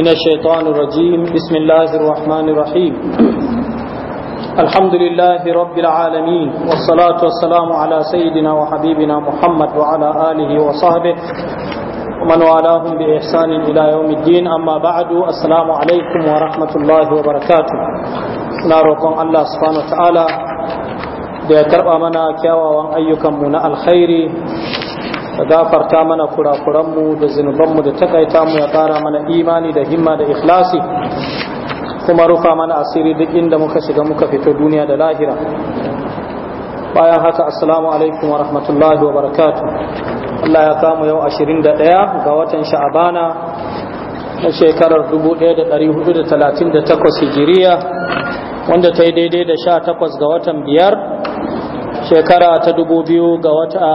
من الشيطان الرجيم بسم الله الرحمن الرحيم الحمد لله رب العالمين والصلاة والسلام على سيدنا وحبيبنا محمد وعلى آله وصحبه ومن والاهم بإحسان إلى يوم الدين أما بعد السلام عليكم ورحمة الله وبركاته ناركم الله سبحانه وتعالى da ya karba mana kyawawan ayyukanmu na ka gafarta mana kurakuranmu da zinubanmu da takaita mu ya kara mana imani da himma da ikhlasi kuma rufa mana asiri duk inda muka shiga muka fito duniya da lahira bayan haka assalamu alaikum wa rahmatullahi wa barakatu Allah ya kamu yau 21 ga watan sha'abana na shekarar 1438 hijiriya wanda ta yi daidai da 18 ga watan biyar shekara ta 2000 ga wata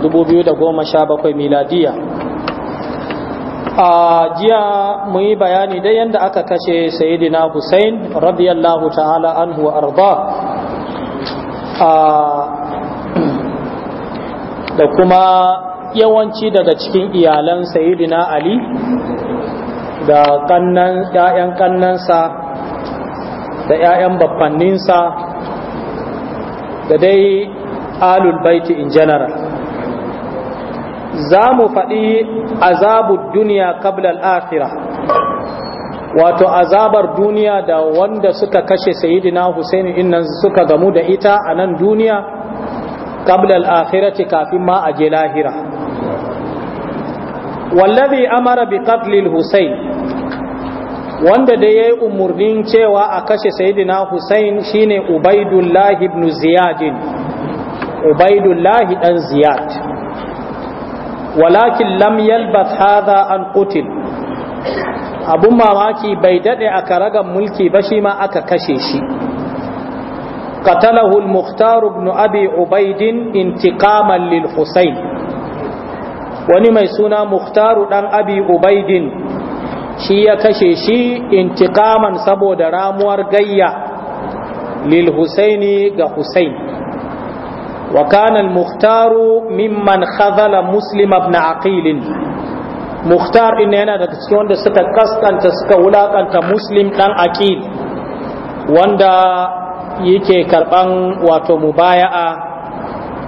2017 miladiya a jiya mu yi bayani da yadda aka kashe sayidina Hussein radiyallahu ta'ala anhu wa arda da kuma yawanci daga cikin iyalan sayidina Ali da kannan ƴaƴan kannansa da ƴaƴan baffanninsa da dai alul baiti in general za mu faɗi azabu duniya qabla akhira wato azabar duniya da wanda suka kashe sayidina Husaini innan suka gamu da ita a nan duniya qabla al-akhirati kafin ma a je lahira wallazi amara bi qatlil Husain wanda da ya yi umarnin cewa a kashe sayidina Hussein shine Ubaidullahi ibn Ziyadin Ubaidullahi dan Ziyad walakin lam yalbath hadha an qutil abun mamaki bai dade aka karagan mulki ba shi ma aka kashe shi qatalahu Muktarubnu mukhtar ibn abi ubaid intiqaman lil Husayn wani mai suna mukhtaru abi ubaidin shi ya kashe shi intiqaman saboda ramuwar gayya lil husaini ga husain wa kana al muhtaru mimman khazala muslim ibn aqil muhtar din yana daga cikin wanda suka kaskanta suka wulakanta muslim dan aqil wanda yake karban wato mubaya'a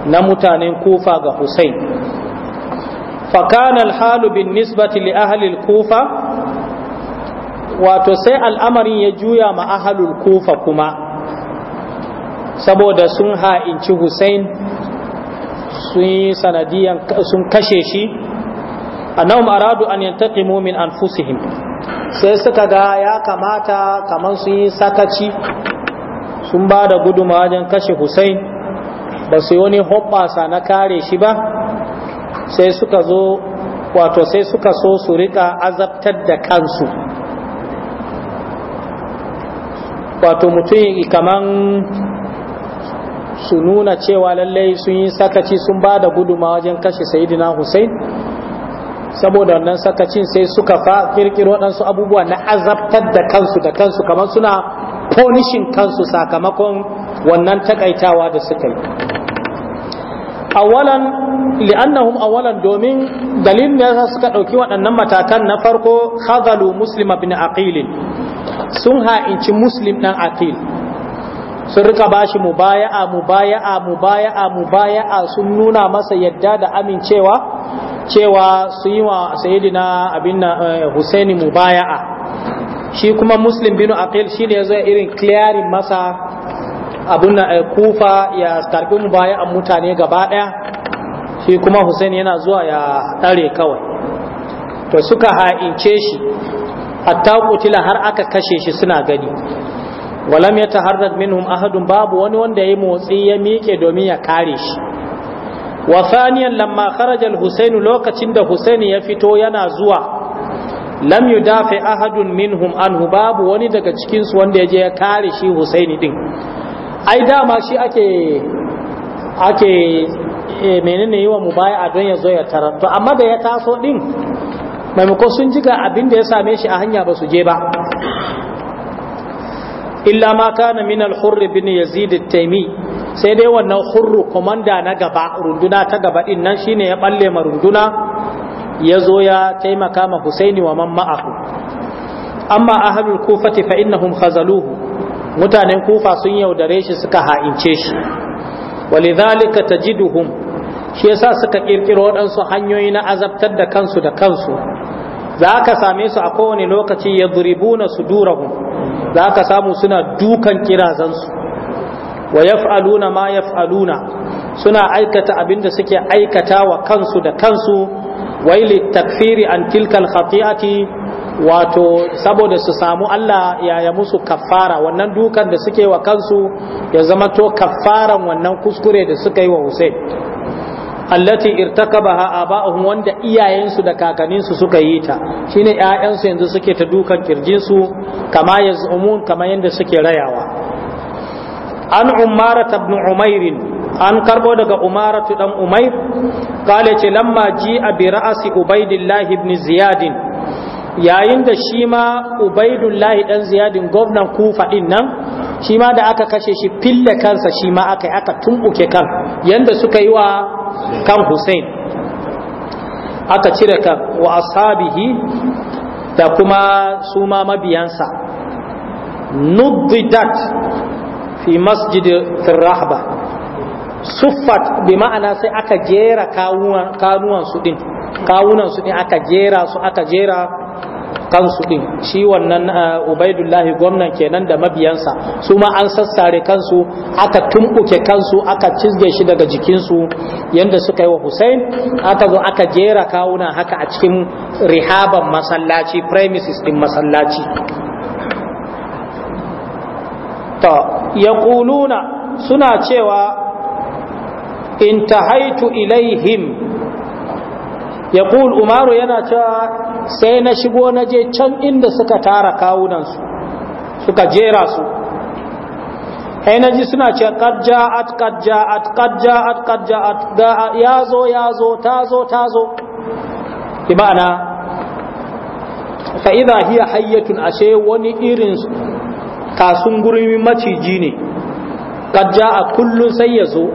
na mutanen kufa ga husain فكان الحال بالنسبة لأهل Kufa. wato sai al'amarin ya juya ma ahalul kufa kuma saboda sun ha'inci Husain sun yi sanadiyan sun kashe shi annahum aradu an yantaqimu an anfusihim sai suka ga ya kamata kamar sun yi sakaci sun ba da guduma wajen kashe Hussein ba su yi wani hoɓɓasa na kare shi ba sai suka zo wato sai suka so su rika azabtar da kansu wato mutum kaman su nuna cewa lallai sun yi sakaci sun ba da guduma wajen kashe sayidina Hussein saboda wannan sakacin sai suka fa kirkiro waɗansu abubuwa na azabtar da kansu da kansu kamar suna ponishin kansu sakamakon wannan takaitawa da suka yi awalan li'annahum awalan domin dalilin da suka ɗauki waɗannan matakan na farko hazalu muslim ibn aqil sun ha'inci muslim ɗan aqil sun rika bashi mubaya'a mubaya'a mubaya'a mubaya'a sun nuna masa yadda da amincewa cewa su yi wa saidina abin eh, Husaini mubaya'a shi kuma muslim binu aqil shine zai irin clearing masa abun eh, kufa ya karbi mubaya'a mutane gaba ɗaya shi kuma Husaini yana zuwa ya ɗare kawai to suka ha'ince shi hatta kutila har aka kashe shi suna gani walam ya taharrad minhum ahadun babu wani wanda ya motsi ya miƙe domin ya kare shi wa thaniyan lamma kharaja al-husayn lokacin da husayn ya fito yana zuwa lam yudafi ahadun minhum anhu babu wani daga cikin su wanda ya je ya kare shi husaini din ai dama shi ake ake eh, menene yi wa mubaya don ya zo ya tarar to amma da ya taso din maimakon sun ji ga abin da ya same shi a hanya ba su je ba illa ma kana min al-hurr bin yazid at-taymi sai dai wannan hurru komanda na gaba runduna ta gaba din nan shine ya balle ma runduna ya zo ya taimaka ma husaini wa man ma'ahu amma ahlul kufati fa innahum khazaluhu mutanen kufa sun yaudare shi suka ha'ince shi walidhalika tajiduhum shi yasa suka kirkiro waɗansu hanyoyi na azabtar da kansu da kansu za ka same su a kowane lokaci ya na su durahun za ka samu suna dukan kirazansu wa yaf'aluna ma yaf'aluna suna aikata abinda suke aikata wa kansu da kansu waili takfiri an tilkal khati'ati wato saboda su samu Allah yaya musu kafara wannan dukan da suke wa kansu ya zama to kaffaran wannan kuskure da suka yi wa Hussein allati irtakabaha aba'uhum wanda iyayensu da kakanninsu suka yi ta shine ƴaƴansu yanzu suke ta dukan kirjinsu kama yazumun kama yanda suke rayawa an umara ibn umair an karbo daga umara dan umair kale ce lamma ji a bi ra'asi ubaidillah ibn ziyadin yayin da shi ma ubaidullahi dan ziyadin gwamnan kufa din nan shi ma da aka kashe shi fille kansa shi ma aka yi aka tumbuke kan yanda suka yi wa kan hussein aka cire kan wa ashabihi da kuma su ma mabiyansa nubidat fi masjid rahba suffat bi ma'ana sai aka jera kanuwansu ɗin. kawunan su ne aka jera su aka jera kansu din shi wannan ah, ubaidullahi gwamnan kenan da mabiyansa su ma an sassare kansu aka tumbuke kansu aka cizge shi daga jikinsu yadda suka yi wa hussein aka zo aka jera kawuna haka a cikin rihaban masallaci premises din masallaci ta ya suna cewa intahaitu ilaihim yaqul umaru yana cewa sai na shigo na je can inda suka tara kawunan su suka jera su ai na ji suna ce at ja'at at ja'at at ja'at at ja'at ya zo ya zo ta zo ta zo bi ma'ana fa idha hiya hayyatun ashe wani irin kasun gurin maciji ne qad a kullun sai ya zo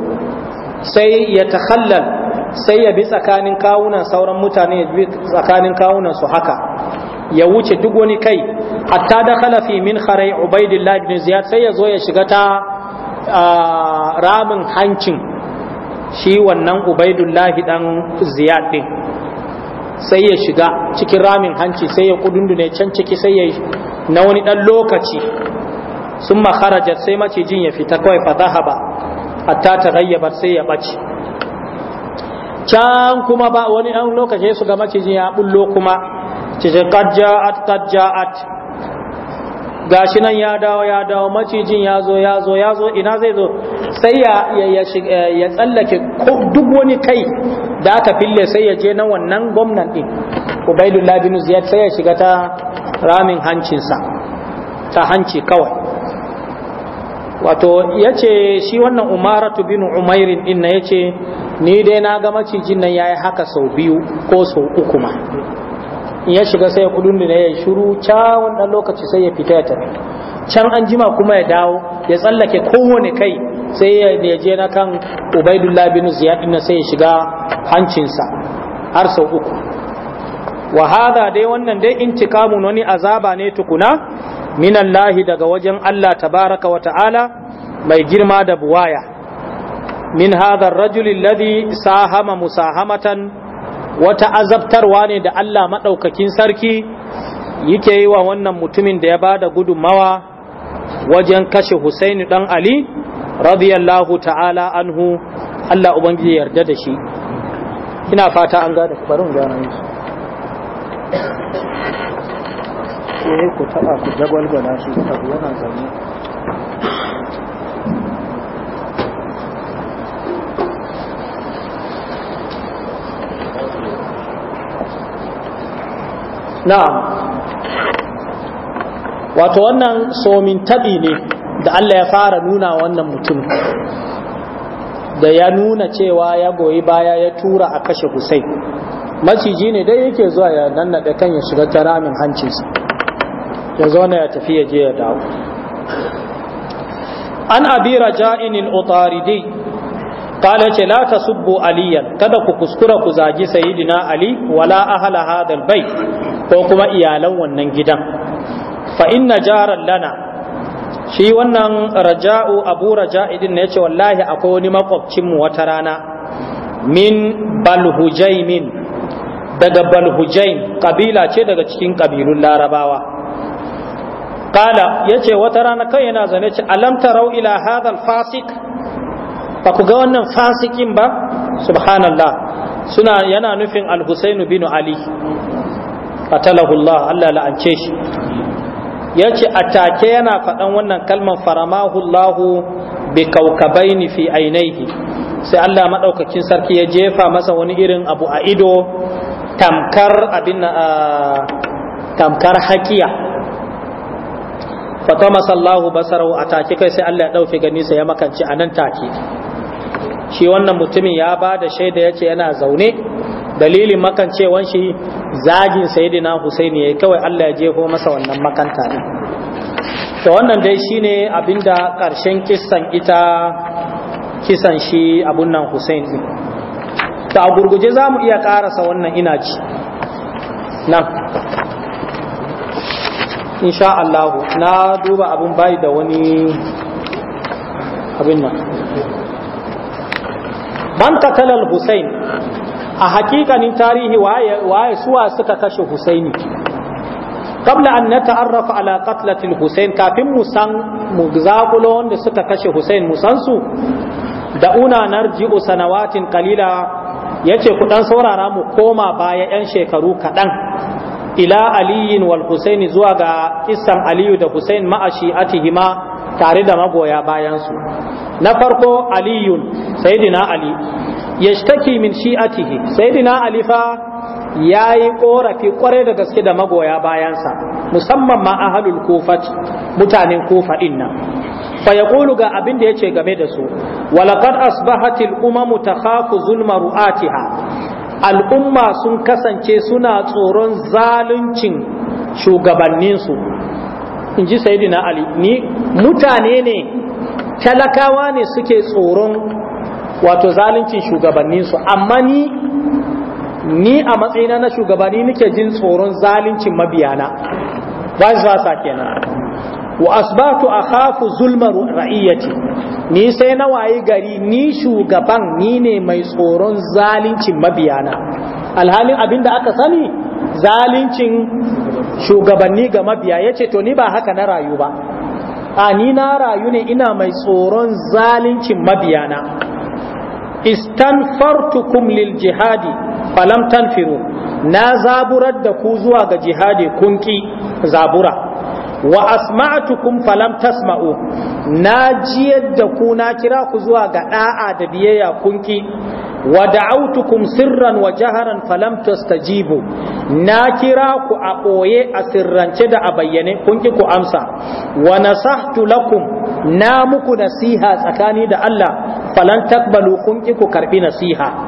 sai ya takhallal sai ya bi tsakanin kawunan sauran mutane ya bi tsakanin kawunan su haka ya wuce duk wani kai hatta da khalafi min kharai ubaidillah ibn ziyad sai ya zo ya shiga ta ramin hancin shi wannan ubaidullah dan ziyad din sai ya shiga cikin ramin hanci sai ya kudundune can ciki sai ya na wani dan lokaci sun makarajar sai macijin ya fita kawai fa zahaba hatta ta sai ya bace can kuma ba wani ɗan lokaci su ga macijin ya bullo kuma cikin kajja'at kajja'at shi nan ya dawo ya dawo macijin ya zo ya zo ya zo ina zai zo sai ya eh, tsallake duk wani kai da aka fille sai ya je na wannan gwamnan ɗin. ubaidullah labinus ya sai ya shiga ta ramin hancinsa ta hanci kawai wato ya ce shi wannan umaratu bin umairin din na ya ce ni dai na ga macijin nan ya yi haka sau biyu ko sau uku ma ya shiga sai ya kudin da ya shuru cawon ɗan lokaci sai ya fita ya tafi can an jima kuma ya dawo ya tsallake kowane kai sai ya je na kan ubaidullah bin ziyad din sai ya shiga hancinsa har sau uku wa hada dai wannan dai intiqamun wani azaba ne tukuna minallahi daga wajen Allah tabaraka wa ta'ala mai girma da buwaya min hadha ar-rajul alladhi sahama musahamatan wata azabtarwa ne da Allah madaukakin sarki yake yi wa wannan mutumin da ya bada gudummawa wajen kashe Husaini dan Ali radiyallahu ta'ala anhu Allah ubangiji yarda da shi ina fata an gada barin gane Eh, na'am wato wannan somin taɓi ne da Allah ya fara nuna wannan mutum da ya nuna cewa ya goyi baya ya tura a kashe Hussein maciji ne dai yake zuwa ya nannaɗe kan ya shiga ta ramin hancinsa ya zauna ya tafi ya je ya dawo an abira raja'in utaridi qala ce la aliyan kada ku kuskura ku zagi sayyidina ali wala ahla hadal bai ko kuma iyalan wannan gidan fa inna jaran lana shi wannan raja'u abu raja'idin ne yace wallahi akwai wani makwabcin mu wata rana min balhujaimin daga balhujain kabila ce daga cikin kabilun larabawa kala ya ce wata rana kai yana zane ce alam tarau ila hadal fasik ba ku ga wannan fasikin ba subhanallah suna yana nufin al bin ali qatalahu Allah Allah la'ance shi yace atake yana faɗan wannan kalman faramahullahu Allah bi kaukabaini fi ainihi sai Allah maɗaukakin sarki ya jefa masa wani irin abu a ido tamkar abin ah, tamkar hakiya fata masallahu basarau a take kai sai Allah ya dauke gani sai ya makance a nan take shi wannan mutumin ya ba da shaida ya ce yana zaune dalilin makancewan shi zagin Sayyidina husaini ya kawai Allah ya jefo masa wannan makanta ne to wannan dai shine abinda karshen kisan ita kisan shi abun nan husaini ta a gurguje za mu iya karasa wannan ina ci nan insha Allah na duba abin bai da wani abin nan man katalal Hussein a hakikanin tarihi waye suwa suka kashe Husaini kabla an nata'arrafa ala qatlatil Husain kafin mu san mu zakulo wanda suka kashe Husain mu san su da una narji'u sanawatin qalila ya ce ku ɗan saurara mu koma baya 'yan shekaru kaɗan ila aliyin wal husaini zuwa ga kisan aliyu da husain ma'ashi tihima tare da magoya bayansu na farko aliyun sayidina ali ya yashtaki min tihi sayidina ali fa ya yi korafi kwarai da gaske da magoya bayansa musamman ma ahalul kufat mutanen kufa nan fa Kulu ga abin da ce game da su walaqad asbahatil umamu takhafu zulma ru'atiha al'umma sun kasance suna tsoron zaluncin shugabanninsu in ji sayidina ali ni mutane ne talakawa ne suke tsoron wato zaluncin shugabanninsu amma ni ni a matsayina na shugabanni nake jin tsoron zaluncin mabiyana ba su wasa kenan wa asbatu akhafu zulma ra'iyati ni sai na waye gari ni shugaban ni ne mai tsoron zalincin mabiyana alhalin abinda aka sani zalincin shugabanni ga mabiya yace to ni ba haka na rayu ba a ni na rayu ne ina mai tsoron zalincin mabiyana istanfartukum lil jihadi falam tanfiru na zaburar da ku zuwa ga jihadi kunki zabura wa asma'atukum falam tasma'u na jiyar da ku na kira ku zuwa ga da'a da biyayya kunki wa da'autukum sirran wa jaharan falam tastajibu na kira ku a boye a sirrance da a bayyane kunki ku amsa wa nasahtu lakum na muku nasiha tsakani da Allah falan takbalu kunki ku karbi nasiha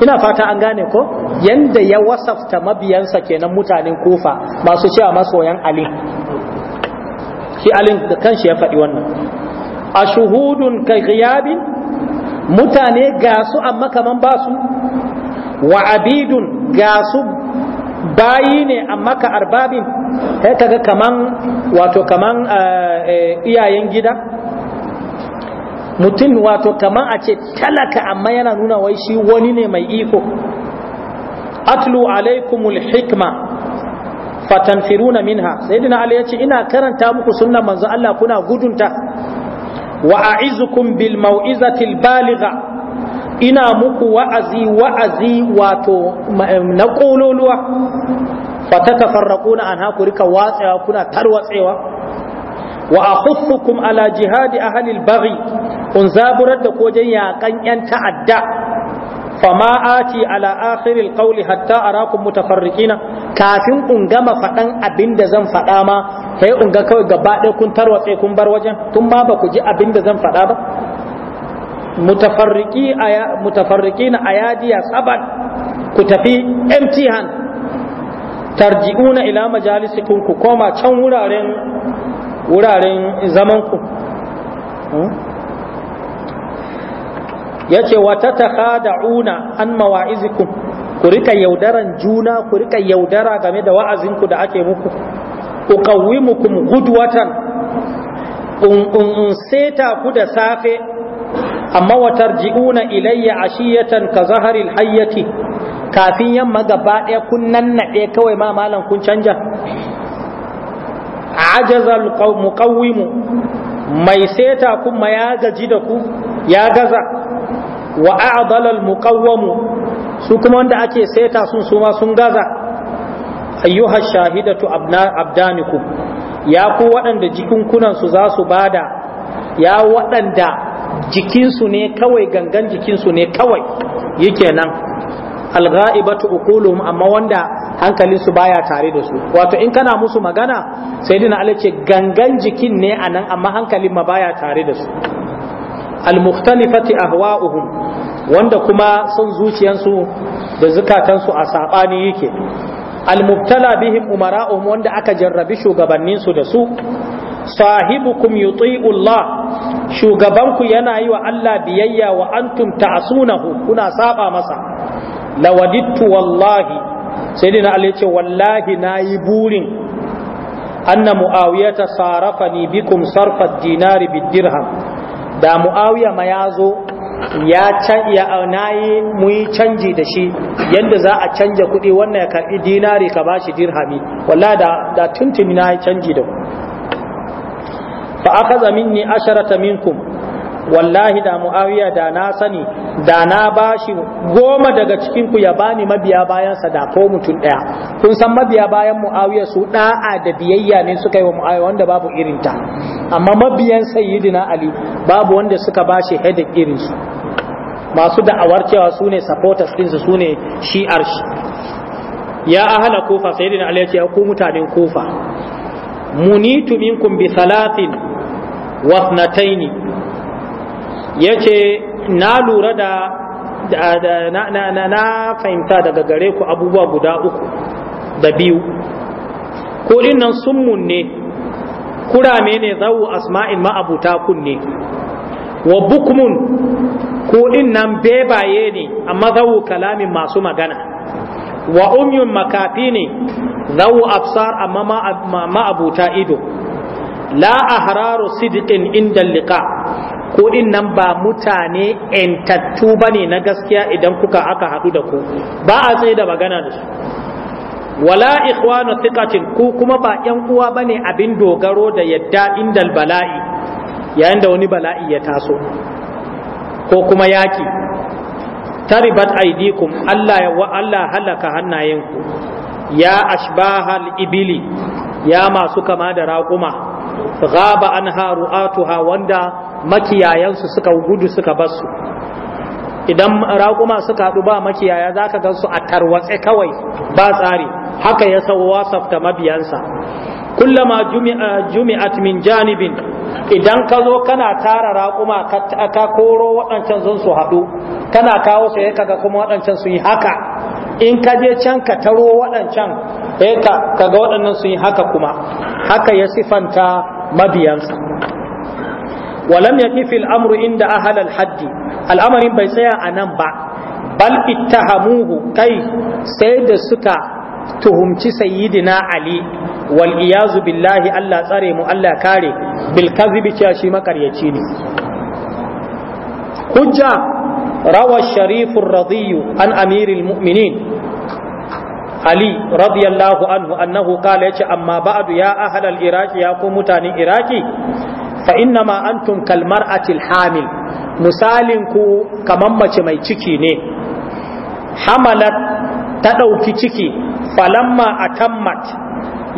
ina fata an gane ko yanda ya wasafta mabiyansa kenan mutanen kufa masu cewa masoyan ali shi alin da kanshi ya faɗi wannan a shuhudun kai ghiyabin mutane ga su amma kaman ba su wa abidun ga su bayi ne amma ka arbabin sai kaga kaman wato kaman eh, eh, iyayen gida mutum wato kamar a ce talaka amma yana nuna wai shi wani ne mai iko atlu alaikumul hikma fatanfiruna minha sayyidina ali yace ina karanta muku sunnan manzo Allah kuna gudunta wa a'izukum bil mau'izatil baligha ina muku wa'azi wa'azi wato eh, na kololuwa fatatafarraquna an ku rika watsewa kuna tarwatsewa wa akhuffukum ala jihadi ahli al-baghi kun zaburar da kojen yaƙan 'yan ta'adda fama ati ala akhiril qawli hatta arakum mutafarriqina kafin kun gama faɗan abin zan faɗa ma sai kun ga kawai gaba ɗaya kun tarwatse kun bar wajen tun ma ba ku ji abin zan faɗa ba mutafarriqi aya mutafarriqina ayadiya sabat ku tafi empty hand tarji'una ila majalisikum ku koma can wuraren wuraren zaman ku hmm? ya ce wata takhada'una an mawa'izikum ku rika yaudaran juna ku rika yaudara game da wa'azinku da ake muku ku qawwimukum gudwatan in seta ku da safe amma watarji'una ilayya ashiyatan ka zaharil hayyati kafin yamma gaba ɗaya kun nannaɗe kawai ma malam kun canja ajazal mu mai seta kuma ya gaji da ku ya gaza wa a'dala al-muqawwamu su kuma wanda ake saita sun su ma sun gaza ayyuha shahidatu abdanikum ya ku waɗanda kunan su za su bada ya waɗanda jikinsu ne kawai gangan jikinsu ne kawai yake nan alghaibatu uquluhum amma wanda hankalin su baya tare da su wato in kana musu magana sai dina ce gangan jikin ne anan amma hankalin ma baya tare da su al-mukhtalifati ahwa'uhum wanda kuma son zuciyansu da zukatansu a saɓani yake al bihim umara'uhum wanda aka jarrabi shugabanninsu da su sahibukum yuti'u Allah shugabanku yana yi wa Allah biyayya wa antum ta'sunahu kuna saba masa lawadittu wallahi sai Ali na ce wallahi nayi burin anna muawiyata sarafani bikum sarfa dinari bidirham da mu'awiya ma ya zo ya can ya mu yi canji da shi yadda za a canja kuɗi wannan ya karbi dinari ka ba shi dirhami Wala da tuntumi na yi canji da ku fa aka zamin ni asharata minkum wallahi da muawiya da na sani da na bashi goma daga cikin ku ya bani mabiya bayan sa da ko mutum daya kun san mabiya bayan muawiya su da'a da biyayya ne suka yi wa muawiya wanda babu irin ta amma mabiyan sayyidina ali babu wanda suka bashi hada irin su masu da'awar cewa su ne supporters din su ne shi'ar shi ya ahala kufa sayyidina ali ya ce ku mutanen kufa munitu minkum bi salatin wasnataini ya ce na lura da na fahimta daga gare ku abubuwa guda uku da biyu kudin nan summun ne kurame ne zawo asma'in ma'abuta kunne wa bukmun kudin nan bebaye ne amma zawo kalamin masu magana wa umyun makafi ne zawo absar amma ma'abuta ido la a hararo sidqin inda liqa kuɗin nan ba mutane ‘yantattu ba ne na gaskiya idan kuka aka haɗu da ku ba a tsaye da magana da su wala ikhwanu thiqatin ku kuma ba ‘yan uwa bane abin dogaro da yadda indal bala'i yayin da wani bala'i ya taso ko kuma yaki taribat aidikum Allah ya wa Allah halaka ku. ya ashbahal ibili ya masu kama da raƙuma ghaba anha ru'atuha wanda makiyayansu suka gudu suka basu idan raƙuma suka haɗu ba makiyaya za ka gansu a tarwatse kawai ba tsari haka ya sau wasafta mabiyansa kullama jumi'at min janibin idan ka zo kana tara raƙuma ka koro waɗancan sun su haɗu kana kawo su ya ga kuma waɗancan sun yi haka in ka je can ka taro waɗancan ya ga waɗannan sun yi haka kuma haka ya sifanta mabiyansa walam yaqif fil amru inda ahal al-haddi al'amarin bai tsaya a nan ba bal ittahamuhu kai sai da suka tuhumci sayyidina ali wal iyazu Allah tsare mu Allah kare bil kadhibi cewa shi makaryaci ne hujja rawar Sharifur radiyu an amiril mu'minin Ali radiyallahu anhu annahu qala yace amma ba'adu ya ahlal iraqi ya ku mutanen iraki? fa innama antum kal mar'atil hamil misalin ku kaman mace mai ciki ne hamalat ta ɗauki ciki falamma atammat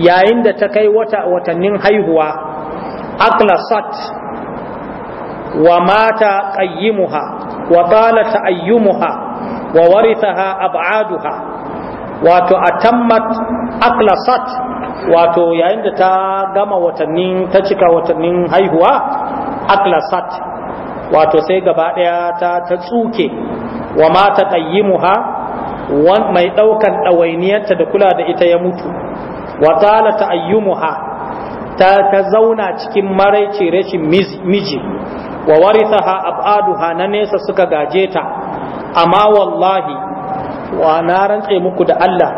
yayin da ta kai wata watannin haihuwa aklasat wa mata qayyimuha wa talat ayyumuha wa warithaha ab'aduha wato atammat aklasat wato yayin da ta gama watanni ta cika watannin haihuwa aklasat wato sai gaba ɗaya ta ta tsuke wa mata qayyimuha mai ɗaukan ɗawainiyarta da kula da ita ya mutu wa tala ayyumuha ta ta zauna cikin maraice rashin miji wa warithaha ab'aduha na nesa suka gaje ta amma wallahi wa na rantse muku da Allah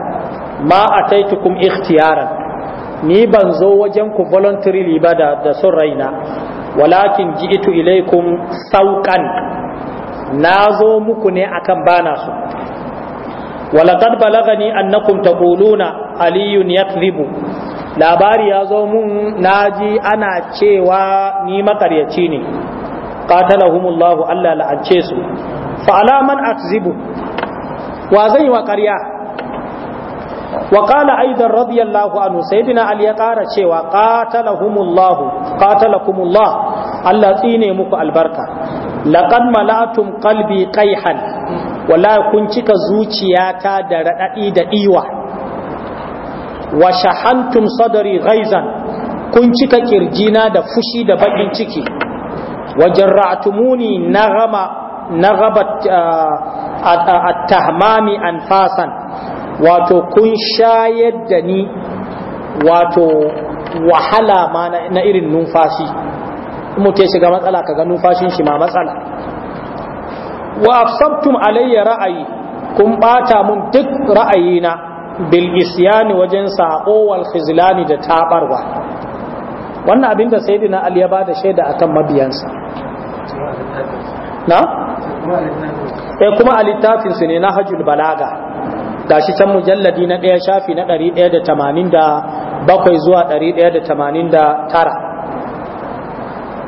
ma ataitukum ikhtiyaran ni ban zo wajen ku voluntary ba da da son raina walakin jiitu ilaikum sauqan na zo muku ne akan bana su walaqad balagani annakum taquluna aliyun yakdhibu labari ya zo mun naji ana cewa ni makaryaci ne qatalahumullahu alla la'ance su fa alaman akzibu wa zai wa qarya wa qala aidan radiyallahu anhu sayyidina ali ya ƙara cewa qatalahumullahu qatalakumullah Allah tsine muku albarka laqad mala'atum qalbi qayhan wala kun cika zuciyata da radadi da iwa wa shahantum sadri ghaizan kun cika ƙirji na da fushi da bakin ciki wa jarra'tumuni naghama naghabat at-tahmami anfasan wato kun shayar da ni wato wahala ma na irin numfashi muke ke shiga matsala kaga numfashin shi ma matsala wa afsabtum alayya ra'ayi kun bata mun duk ra'ayina bil isyani wajen sako wal khizlani da tabarwa wannan abin da sayyidina ali ya bada shaida akan mabiyansa na kuma a littafinsu eh, su ne na hajjul balaga gashi can mujalladi na ɗaya shafi na ɗari ɗaya da tamanin da bakwai zuwa ɗari ɗaya da tamanin da tara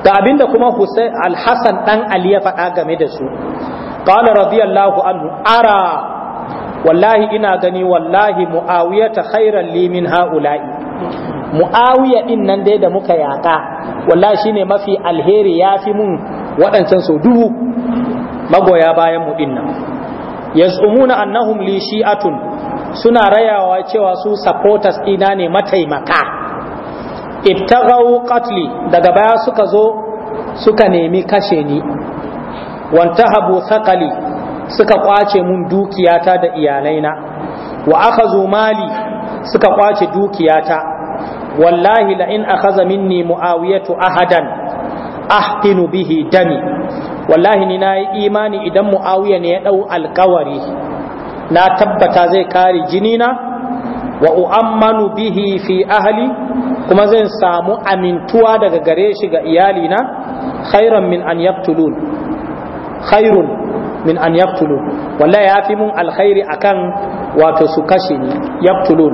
da abinda kuma Hussein Alhassan ɗan Ali ya faɗa game da su qala radiyallahu anhu ara wallahi ina gani wallahi muawiya ta khairan limin min haula'i muawiya din nan dai da muka yaka wallahi shine mafi alheri yafi mun waɗancan sau dubu magoya bayan mu din nan yasumuna annahum li shi'atun suna rayawa cewa su supporters ina ne mataimaka ibtaghaw qatli daga baya suka zo suka nemi kashe ni wantahabu thaqali suka kwace mun dukiyata da iyalaina wa akhazu mali suka kwace dukiyata wallahi la in akhaza minni muawiyatu ahadan ahtinu bihi dami wallahi ni na yi imani idan mu'awiya ne ya ɗau alkawari na tabbata zai kare jinina wa u'ammanu bihi fi ahli kuma zai samu amintuwa daga gare shi ga iyalina khairan min an yaqtulun khairun min an yaqtulun wallahi ya fi mun alkhairi akan wato su kashe ni yaqtulun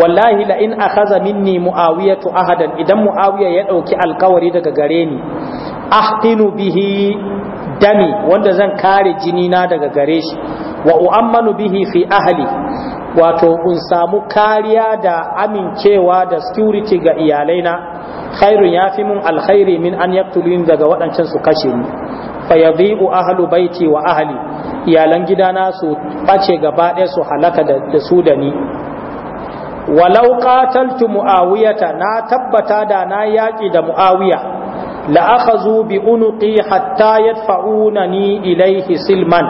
wallahi la in akhadha minni muawiyatu ahadan idan muawiya ya dauki alkawari daga gare ni ahtinu bihi dami wanda zan kare jini na daga gare shi wa u'ammanu bihi fi ahli wato in samu kariya da amincewa da security ga iyalaina khairun fi mun alkhairi min an yaktulun daga waɗancan su kashe ni fa ahlu baiti wa ahli iyalan gidana su bace gaba ɗaya su halaka da su da ni walau qataltu muawiyata na tabbata da na yaƙi da muawiya la'akhazu bi unuqi hatta ni ilaihi silman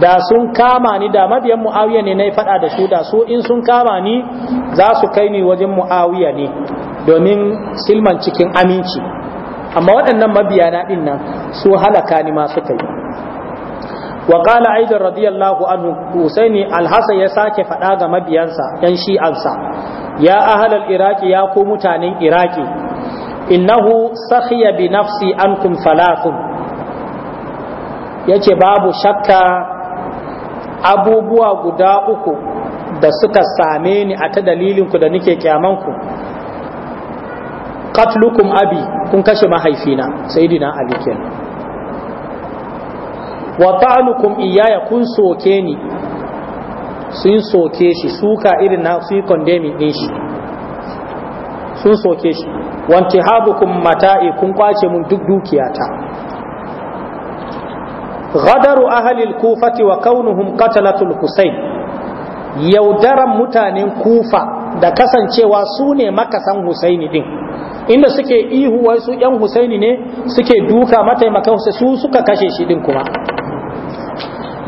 da sun kama ni da mabiyan muawiya ne nayi fada da su da su in sun kama ni za su kai ni wajen muawiya ne domin silman cikin aminci amma waɗannan mabiya na din nan su halaka ni ma suka yi wa qala aidan radiyallahu anhu husaini alhasa ya sake fada ga mabiyansa yan shi'ansa ya ahlal iraqi ya ko mutanen iraqi innahu sakhiya bi nafsi ankum falakum yace babu shakka abubuwa guda uku da suka same ni a ta dalilinku da nike kyamanku katlukum abi kun kashe mahaifina sayidina ali kenan wa iyaya kun soke ni sun soke shi suka irin na su yi shi sun soke shi wanti habukum mata'i kun kwace mun duk dukiyata غدر kufati wa وكونهم katalatul الحسين yaudaran mutanen kufa da kasancewa su ne makasan husaini din inda suke ihu wasu yan husaini ne suke duka mataimakan su suka kashe shi din kuma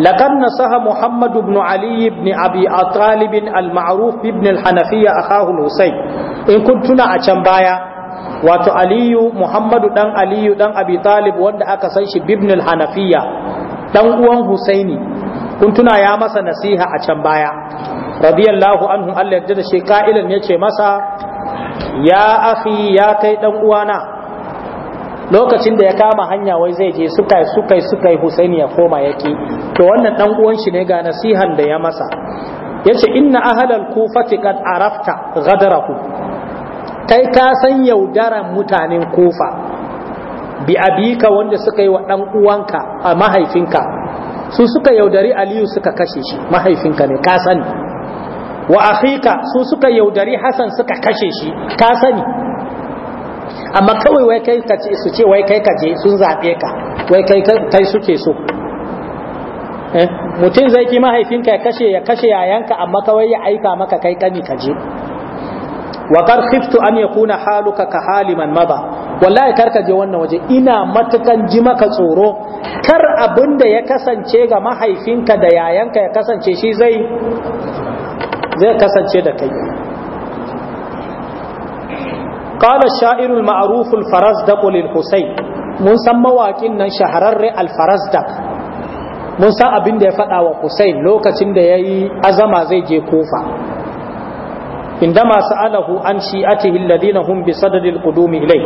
لقد نصح محمد بن علي بن أبي طالب المعروف بابن الحنفية أخاه الحسين إن كنتنا baya. wato aliyu muhammadu dan aliyu dan abi talib wanda aka san shi bibnul hanafiya dan uwan husaini kun tuna ya masa nasiha a can baya radiyallahu anhu Allah ya jada shi ka'ilan yace masa ya akhi ya kai dan uwana lokacin da ya kama hanya wai zai je suka suka suka husaini ya koma yake to wannan dan uwan shi ne ga nasihan da ya masa yace inna ahlal kufati qad arafta ghadarahu kai ka san yaudaran mutanen kofa bi abika wanda suka yi wa ɗan uwanka a mahaifinka su suka yaudari aliyu suka kashe shi mahaifinka ne ka sani wa akhika su suka yaudari hasan suka kashe shi ka sani amma kawai wai kai ka ce su ce wai kai ka je sun zaɓe ka wai kai kai suke so eh, mutum zai ki mahaifinka ya kashe ya kashe yayanka amma kawai ya aika maka kai kani ka je wa kar khiftu an yakuna haluka ka haliman maba wallahi kar ka je wannan waje ina matukan ji maka tsoro kar abin da ya kasance ga mahaifinka da yayanka ya kasance shi zai zai kasance da kai قال الشاعر المعروف الفرزدق للحسين mun san mawaƙin nan shahararre alfarazdak mun san abin da ya faɗawa wa lokacin da yayi azama zai je kofa indama sa'alahu an shi'atihi alladhina hum bi sadadil qudumi ilai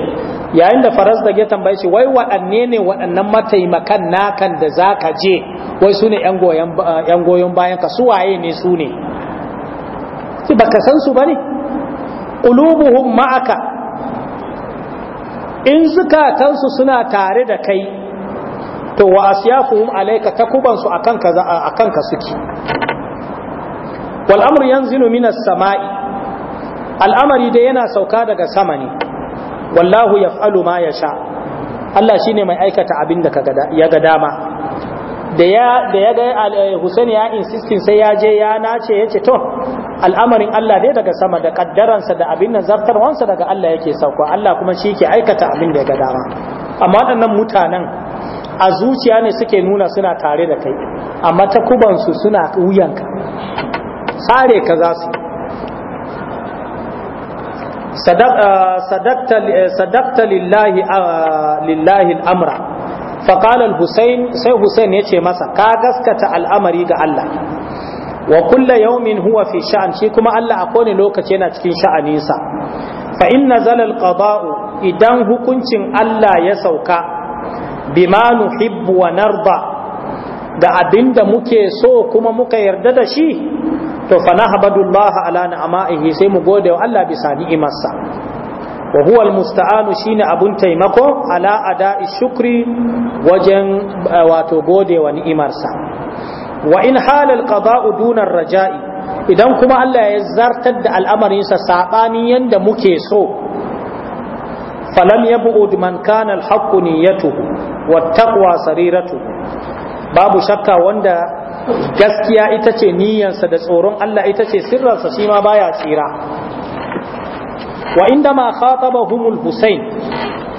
yayin da faras da ya tambaye shi wai waɗanne ne waɗannan mataimakan nakan da zaka je wai sune yan goyon yan goyon bayan ka su waye ne su ne ki baka san su bane qulubuhum ma'aka in zukatansu suna tare da kai to wa asyafuhum alayka su akan ka akan ka suke wal amru yanzilu minas sama'i al'amari dai yana sauka daga sama ne wallahu yaf'alu ma ya sha. Allah shi ne mai aikata abin da ya ga dama da ya ga eh, Hussein ya insistin sai ya je ya nace ya ce to al'amarin Allah dai daga sama da kaddaransa da abin nan zartarwansa daga Allah yake sauka Allah kuma shi ke aikata abin da ya ga dama amma waɗannan mutanen a zuciya ne suke nuna suna tare da kai amma ta kubansu suna wuyanka sare ka za su sadakta uh, eh, uh, lillahi al'amra faƙalar hussein sai hussein ya ce masa ka gaskata al'amari ga Allah wa kulla yaumin huwa fi sha'an shi kuma Allah a kone lokaci yana cikin sha'aninsa fa inna zalal qada'u idan hukuncin Allah ya sauka bima nuhibbu wa narda da abinda muke so kuma muka yarda da shi to fa nahmadullaha ala ni'ama'ihi sai mu gode wa Allah bisa ni'imarsa wa huwa almusta'anu shine abun taimako ala ada'i shukri wajen eh, wato gode wa ni'imarsa wa in halal qada'u duna raja'i idan kuma Allah ya zartar da al'amarinsa sabanin yanda muke so falam yab'ud man kana alhaqqu niyyatuhu wattaqwa sariratuhu babu shakka wanda gaskiya ita ce niyyarsa da tsoron Allah ita ce sirransa shi ma baya tsira wa inda ma khatabahumul Husain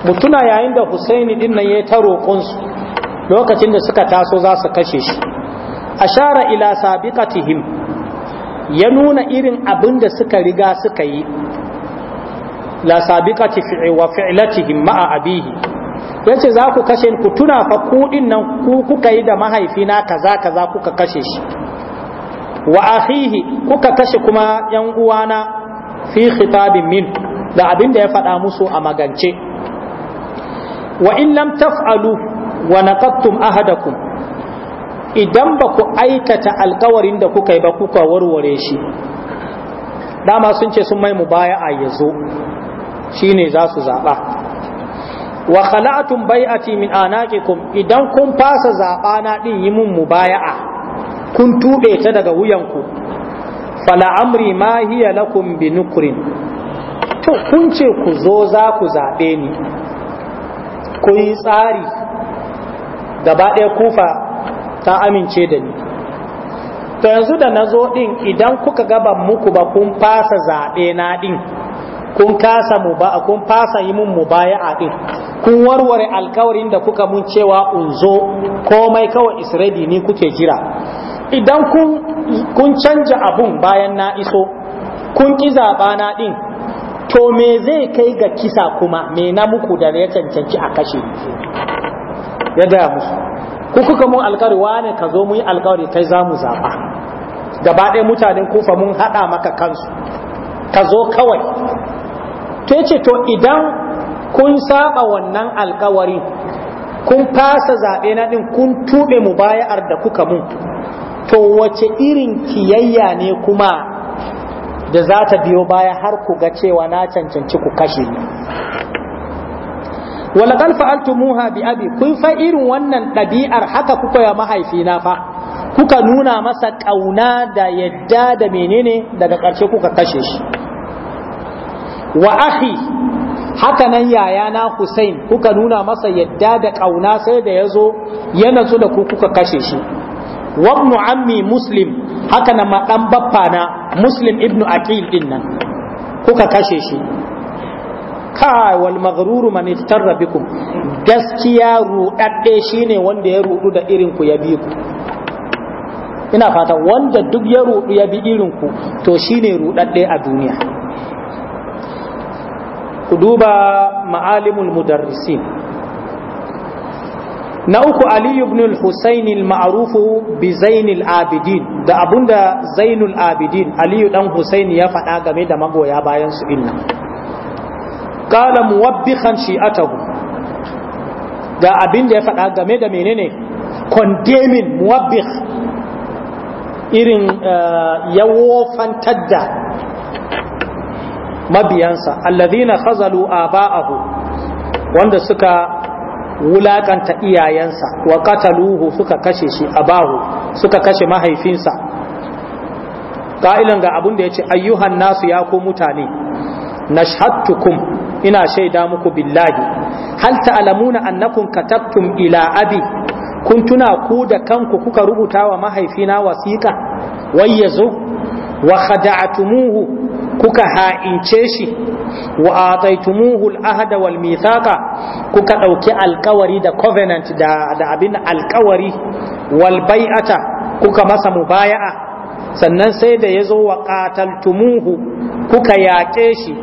mutuna yayin da Husaini din nan yayi ta roƙonsu, lokacin da suka taso za su kashe shi ashara ila sabiqatihim ya nuna irin abin da suka riga suka yi la sabiqati fi wa fi'latihim ma'a abihi ya ce za ku kashe ku tuna fa kuɗin nan ku kuka yi da mahaifina kaza kaza kuka kashe shi wa akhihi kuka kashe kuma yan uwana fi khitabin min da abin da ya faɗa musu a magance wa in lam taf'alu wa naqattum ahadakum idan ba ku aikata alkawarin da kuka yi ba kuka warware shi dama sun ce sun mai mubaya'a yazo zo shine za su zaɓa wa khala'atum bai'ati min anaqikum idan kun fasa zabana din yi mun mubaya'a kun tube ta daga wuyanku fala amri ma hiya lakum bi nukrin to kun ce ku zo za ku zabe ni ku yi tsari gaba ɗaya kufa ta amince da ni to yanzu da na zo ɗin idan kuka gaban muku ba kun fasa zaɓe na ɗin kun kasa mu ba kun fasa yi mun mubaya'a din kun warware alkawarin da kuka mun cewa unzo komai kawai isra'ili ne kuke jira idan kun kun canja abun bayan na iso kun ki zaba na din to me zai kai ga kisa kuma me na muku da ya cancanci a kashe ya gaya musu ku kuka mun alkawari wane ka zo mun yi alkawari kai za mu zaba gaba ɗaya mutanen kufa mun haɗa maka kansu ka zo kawai ta ce to idan kun saba wannan alkawari kun fasa zaɓe na ɗin kun tuɓe mu bayar da kuka mun to wace irin kiyayya ne kuma da za ta biyo baya har ku ga cewa na cancanci ku kashe ni walaqad fa'altumuha bi abi kun fa irin wannan ɗabi'ar haka kuka ya mahaifina fa kuka nuna masa ƙauna da yadda da menene daga ƙarshe kuka kashe shi wa akhi haka nan yayana Hussein kuka nuna masa yadda da kauna sai da yazo ya natsu da ku kuka kashe shi wa ibn ammi Muslim haka nan ma dan baffana Muslim ibnu Aqil din nan kuka kashe shi ka wal maghruru man iftarra bikum gaskiya rudadde shine wanda ya rudu da irin ku ya bi ku ina fata wanda duk ya rudu ya bi irin ku to shine rudadde a duniya ku duba ma'alimul mudarrisin na uku Aliyu ibn al-husayn al bi zain al-abidin da abunda zainul abidin Aliyu dan husayn ya faɗa game da magoya bayan su inna qala muwabbikhan shi'atahu da abinda ya faɗa game da menene condemning muwabbikh irin eh, ya wofantar da mabiyansa allazina khazalu aba'ahu wanda suka wulakanta iyayensa wa qataluhu suka kashe shi abahu suka kashe mahaifinsa qa'ilan ga abun da yace ayyuhan nasu ya ku mutane nashhadtukum ina shaida muku billahi hal ta'lamuna annakum katabtum ila abi kun tuna ku da kanku kuka rubuta wa mahaifina wasiƙa wayyazo wa khada'tumuhu kuka ha'ince shi wa ataitumuhu al-ahda wal mithaqa kuka dauki alkawari da covenant da da abin alkawari wal bai'ata kuka masa mubaya'a sannan sai da yazo wa qataltumuhu kuka yaƙe shi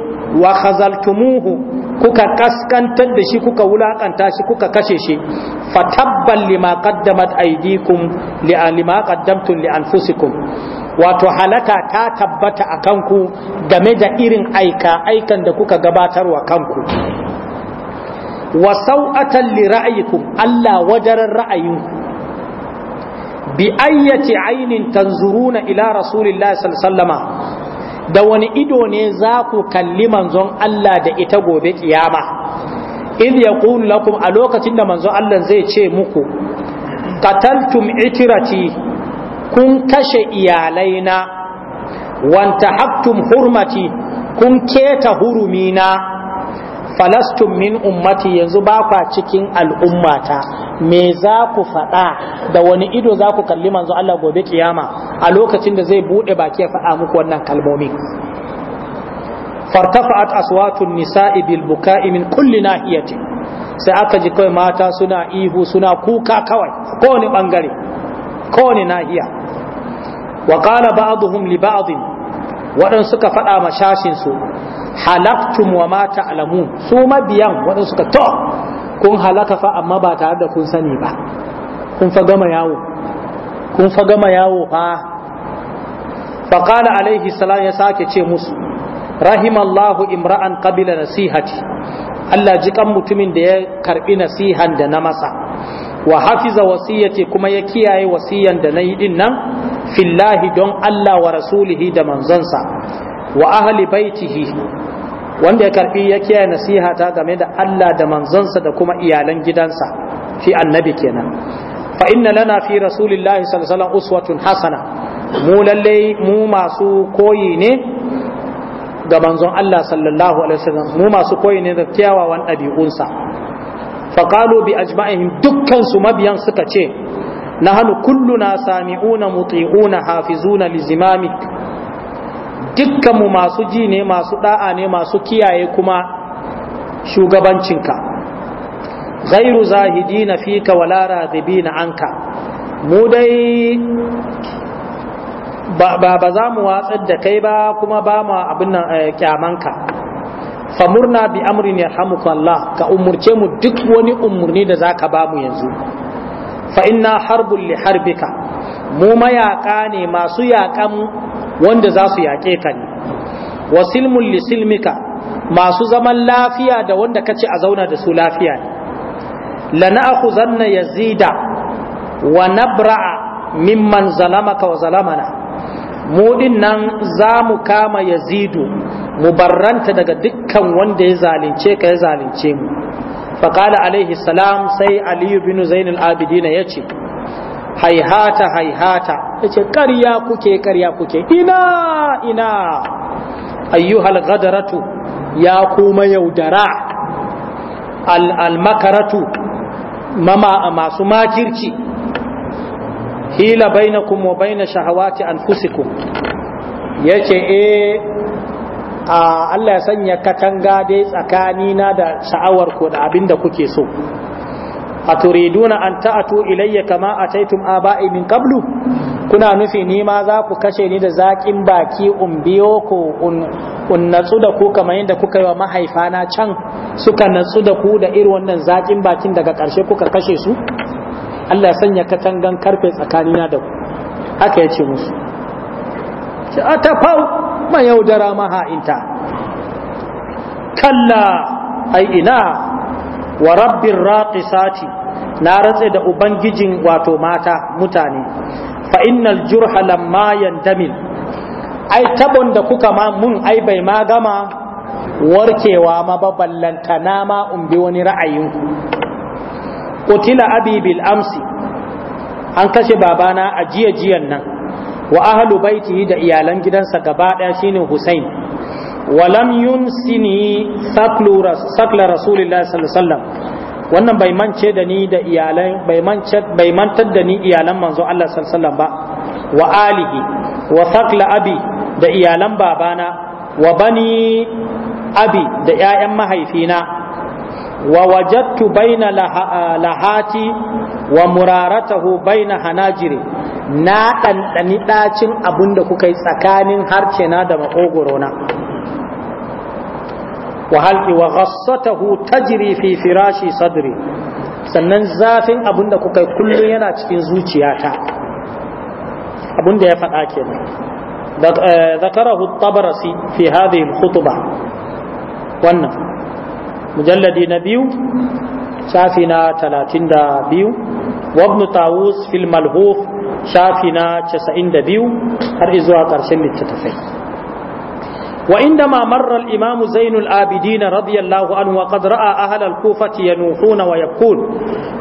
wa khazaltumuhu kuka kaskantar da shi kuka wulakanta shi kuka kashe shi fatabban lima qaddamat aydikum li lima qaddamtum li anfusikum wato halaka ta tabbata a kanku game da irin aika aikan da kuka gabatarwa kanku wa sau'atan li ra'ayikum Allah wajen ra'ayinku bi ayyati ainin tanzuruna ila rasulillahi sallallahu da wani ido ne za ku kalli manzon Allah da ita gobe kiyama in yaqulu lakum a lokacin da manzon Allah zai ce muku qataltum itirati kun kashe iyalaina wanta haktum hurmati kun keta hurumina falastum min ummati yanzu ba kwa cikin al'ummata me za ku faɗa da wani ido za ku kalli manzo Allah gobe kiyama a lokacin da zai buɗe baki ya faɗa muku wannan kalmomi fartafa'at aswatun nisa'i bil buka'i min kulli nahiyati sai aka ji kawai mata suna ihu suna kuka kawai kowane bangare kowane nahiya wa qala ba'dhum li ba'd Waɗansu suka faɗa ma sashin su halaktum wa mata alamu. su mabiyan waɗansu suka to kun halaka fa amma ba tare da kun sani ba kun fa gama yawo kun fa gama yawo fa fa alaihi salam ya sake ce musu rahimallahu imra'an qabila nasihati Allah ji kan mutumin da ya karbi nasihan da na masa wa hafiza wasiyyati kuma ya kiyaye wasiyan da na yi din nan fillahi don Allah wa rasulihi da manzansa wa ahli baitihi wanda ya karbi ya kiyaye nasiha ta game da Allah da manzansa da kuma iyalan gidansa fi annabi kenan fa inna lana fi rasulillahi sallallahu alaihi wasallam uswatun hasana mu lalle mu masu koyi ne ga manzon Allah sallallahu alaihi wasallam mu masu koyi ne da kyawawan ɗabi'unsa fa qalu bi ajma'ihim dukkan su mabiyan suka ce Na na nahnu kulluna sami'una muti'una hafizuna lizimamik dukkan mu masu ji ne masu da'a ne masu kiyaye kuma shugabancinka ghairu zahidina fika wala radibina anka mu dai ba ba za mu watsar da kai ba kuma ba mu abin nan eh, kyamanka famurna bi amrin yarhamuka Allah ka umurce mu duk wani umurni da zaka ba mu yanzu fa inna harbun li harbika mu mayaka ne masu yakan wanda za su yaƙe ka ne wa silmun li silmika masu zaman lafiya da wanda ka ci a zauna da su lafiya ne la na'khuzanna yazida wa nabra'a mimman zalamaka wa zalamana mu din nan za mu kama yazidu mu barranta daga dukkan wanda ya zalunce ka ya zalunce mu faƙala alaihi salam sai aliyu bin zainul abidina ya ce haihata haihata ya ce karya kuke karya kuke Ina,ina. ina ayyuhal gadaratu ya kuma yaudara almakaratu mama masu makirci hila bainakum wa baina shahawati anfusikum yace eh A Allah ya sanya katanga dai tsakanina da sha'awar ku da abin da kuke so a turiduna an ta'atu ilayya kama ataitum aba'i min qablu kuna nufi ni ma za ku kashe ni da zaƙin baki un biyo ku Un natsu da ku kamar yadda kuka yi wa mahaifana can suka natsu da ku da irin wannan zaƙin bakin daga ƙarshe kuka kashe su Allah ya sanya katangan karfe tsakanina da ku haka ya ce musu ta fau taɓa yaudara maha'inta kalla ai ina wa rabbin sati, na ratse da ubangijin wato mata mutane fa innal jurha lamma yandamil ai tabon da kuka ma mun ai bai ma warkewa ma baballanta na ma umbi wani ra'ayinku qutila abi bil amsi an kashe babana a jiya jiyan nan wa ahlu baitihi da iyalan gidansa gaba daya shine Hussein walam yunsini saklu sakla rasulullahi sallallahu alaihi wasallam wannan bai mance da ni da iyalan bai mance bai mantar da ni iyalan manzo Allah sallallahu alaihi wasallam ba wa alihi wa sakla abi da iyalan babana wa bani abi da ƴaƴan mahaifina wa wajattu baina lahati wa muraratahu baina hanajiri na ɗanɗani ɗacin abin da kuka tsakanin harce na da makogoro na wa halki wa ghassatahu tajri fi firashi sadri sannan zafin abin da kuka kullum yana cikin zuciyata abin da ya faɗa kenan ذكره الطبرسي في هذه الخطبة wannan mujalladi na biyu shafi na talatin da biyu wabnu tawus fil malhuf shafi na casa'in da biyu har izuwa ƙarshen littattafai wa inda ma marra al-imam zain al-abidin radiyallahu anhu wa qad ra'a ahla al-kufati yanuhuna wa yaqul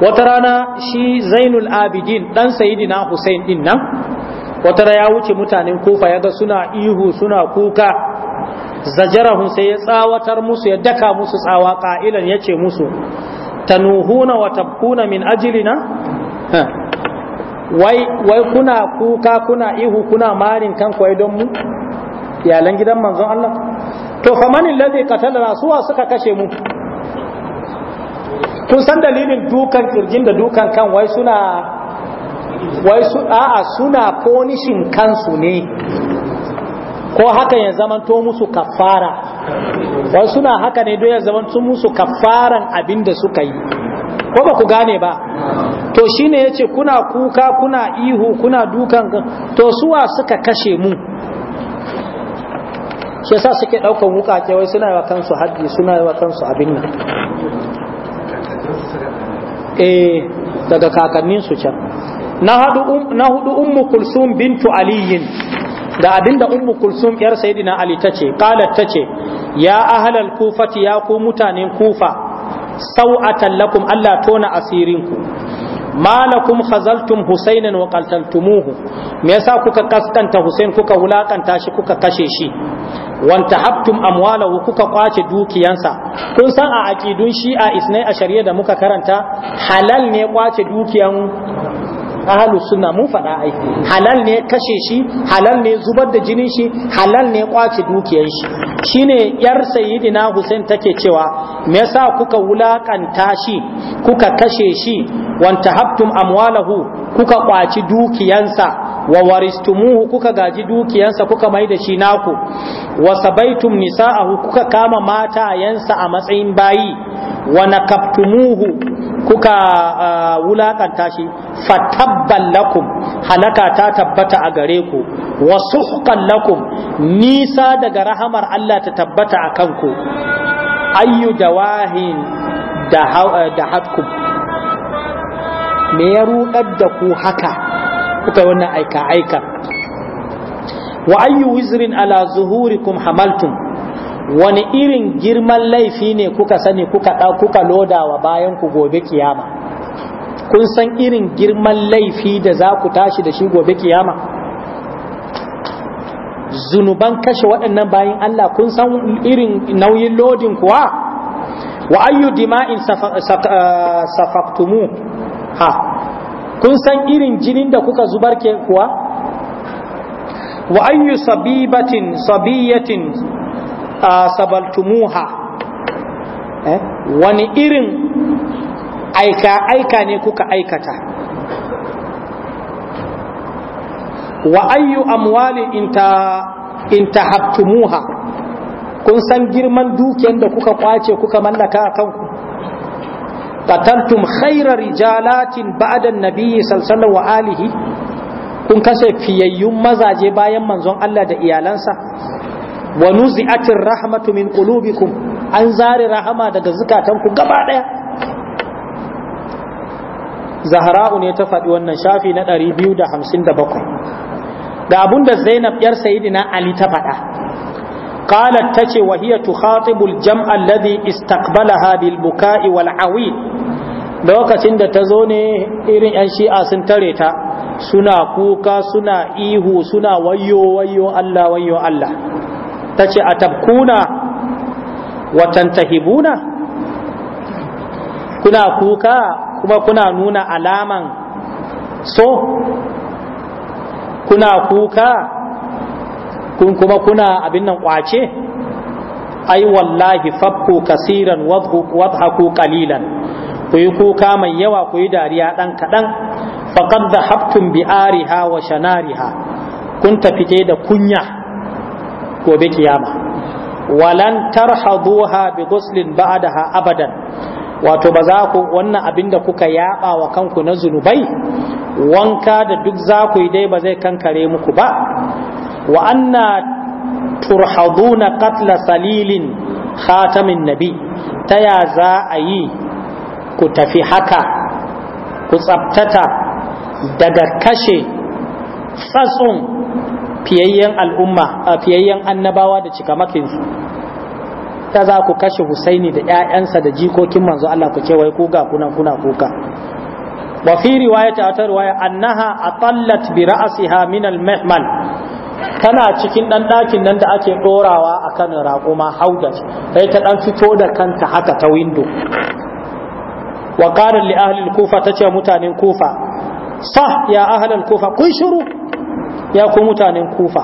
wata rana shi zain abidin dan sayyidina husain din nan wata ya wuce mutanen kufa yaga suna ihu suna kuka zajarahum sai ya tsawatar musu ya daka musu tsawa ƙa'ilan ya ce musu tanuhuna wa tabkuna min ajilina wai wai kuna kuka kuna ihu kuna marin kan kwai don mu iyalan gidan manzon Allah to famanin ladhi qatalana suwa suka kashe mu kun san dalilin dukan kirjin da dukan kan wai suna wai su a'a suna ponishin kansu ne ko haka ya zamanto musu kafara wasu suna haka ne don ya zamanto musu kafaran abin da suka yi ko ba ku gane ba to shine yace kuna kuka kuna ihu kuna dukan to suwa suka kashe mu shi yasa suke daukan ke wai suna wa kansu haddi suna wa kansu abin nan eh daga kakannin su can na um, hudu ummu kulsum bintu aliyin da abinda ummu kulsum yar sayyidina ali tace qalat tace ya ahlal kufati ya ku mutanen kufa sau'atan lakum Allah tona asirinku malakum khazaltum husainan wa qataltumuhu me yasa kuka kaskanta husain kuka wulakanta shi kuka kashe shi wanta habtum amwalahu kuka kwace dukiyansa kun san a aqidun shi'a isnai a shari'a da muka karanta halal ne kwace dukiyan ahalu sunna mun faɗa ai halal ne kashe shi halal ne zubar da jinin shi halal ne kwace dukiyar shi shine yar sayyidina Hussein take cewa me yasa kuka wulakanta shi kuka kashe shi wanta habtum amwalahu kuka kwaci dukiyansa wa waristumuhu kuka gaji dukiyansa kuka mai da shi naku wa sabaitum nisa'ahu kuka kama yansa a matsayin bayi wa nakaftumuhu kuka wulakanta shi fatabban lakum halaka ta tabbata a gare ku wa suhqan lakum nisa daga rahamar Allah ta tabbata a kanku ayyu jawahin da hatku me ya ruɗar da ku haka kuka wannan aika aika wa ayyu wizrin ala zuhurikum hamaltum wani irin girman laifi ne kuka sani kuka da kuka loda wa bayan ku gobe kiyama kun san irin girman laifi da za ku tashi da shi gobe kiyama zunuban kashe waɗannan bayan Allah kun san irin nauyin lodin kuwa wa ayyu dima'in eh, safaktumu ha kun san irin jinin da kuka zubar ke kuwa wa ayyu sabibatin sabiyatin sabaltumuha eh? wani irin aika aika ne kuka aikata wa ayyu amwalin inta intahabtumuha kun san girman dukiyar da kuka kwace kuka mallaka a kanku qataltum khayra rijalatin ba'da an-nabi sallallahu wa kun kashe fiyayyun mazaje bayan manzon Allah da iyalansa wa nuzi'atir rahmatu min qulubikum an zare rahama daga zukatanku gaba daya zahra'u ne ta faɗi wannan shafi na 257 da abunda Zainab yar Sayyidina Ali ta faɗa qalat tace wa hiya tukhatibu al-jam'a alladhi istaqbalaha bil buka'i wal lokacin da ta zo ne irin yan shi'a sun tare ta suna kuka suna ihu suna wayyo wayyo Allah Allah kuka kuma kuna nuna alaman so kuna kuka kun kuma kuna abin nan kwace ai wallahi fakku kasiran wadhaku qalilan ku yi kuka mai yawa ku yi dariya dan kadan faqad dhahabtum bi ariha wa shanariha kun tafite da kunya gobe kiyama walan tarhaduha bi ghuslin ba'daha abadan wato ba za ku wannan abin da kuka yaba wa kanku na zunubai wanka da duk za ku dai ba zai kankare muku ba wa anna turhaduna qatla salilin khatamin nabi ta ya za a yi ku tafi haka ku tsabtata daga kashe tsatsun fiyayyen al'umma a fiyayyen annabawa da cikamakinsu ta za ku kashe husaini da 'ya'yansa da jikokin manzo Allah ku ce wai kuga kuna kuna kuka wafiri waya ta riwaya annaha a atallat bi ra'asi min al tana cikin ɗan ɗakin nan da ake ɗorawa a kan raƙuma sai ta ɗan fito da kanta haka ta windo wa ƙarin li ahlil kufa ta ce mutanen kufa sa ya ahlil kufa kun shiru ya ku mutanen kufa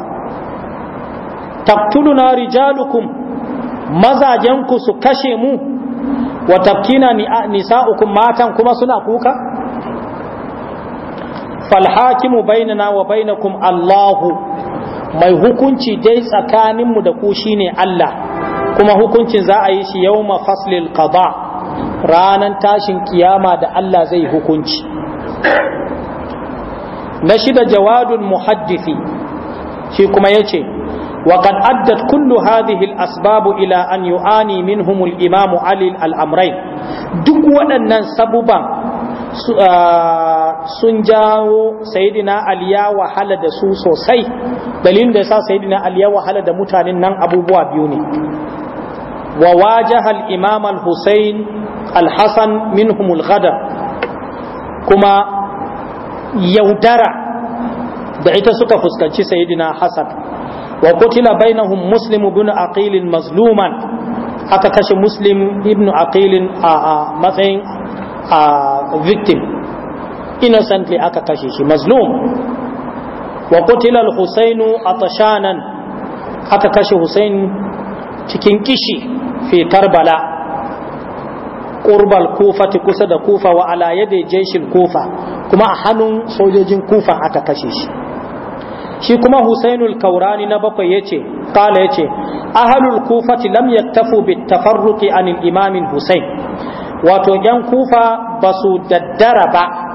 taktuluna rijalukum mazajenku su kashe mu wa tabkina nisa'ukum matan kuma suna kuka falhakimu bainana wa bainakum allahu mai hukunci dai tsakaninmu da ku shine Allah kuma hukuncin za a yi shi yau faslil qada ranan tashin kiyama da Allah zai hukunci na shida jawadun muhaddisi, shi kuma yace وقد addad kullu هذه asbabu ila an يعاني منهم 'imamu علي الأمرين duk waɗannan sabuban ah, sun jawo sayidina aliya wahala da su sosai dalilin da yasa sayidina aliya wahala da mutanen nan abubuwa biyu ne wa wajahal al-imam al-husayn al-hasan minhum al-ghadab kuma yaudara da ita suka fuskanci sayidina hasan wa kutila bainahum muslim ibn aqil mazluman aka kashe muslim ibn aqil a matsayin a victim innocently aka kashe shi mazlum wa qutila al-husainu atashanan aka kashe husayn cikin kishi fi karbala qurbal kufa kusa da kufa wa ala yadi jaishil kufa kuma a hannun sojojin kufa aka kashe shi shi kuma husainul kaurani na bakwai yace kala yace ahlul kufati lam yaktafu bit tafarruqi anil imamin husain wato yan kufa basu daddara ba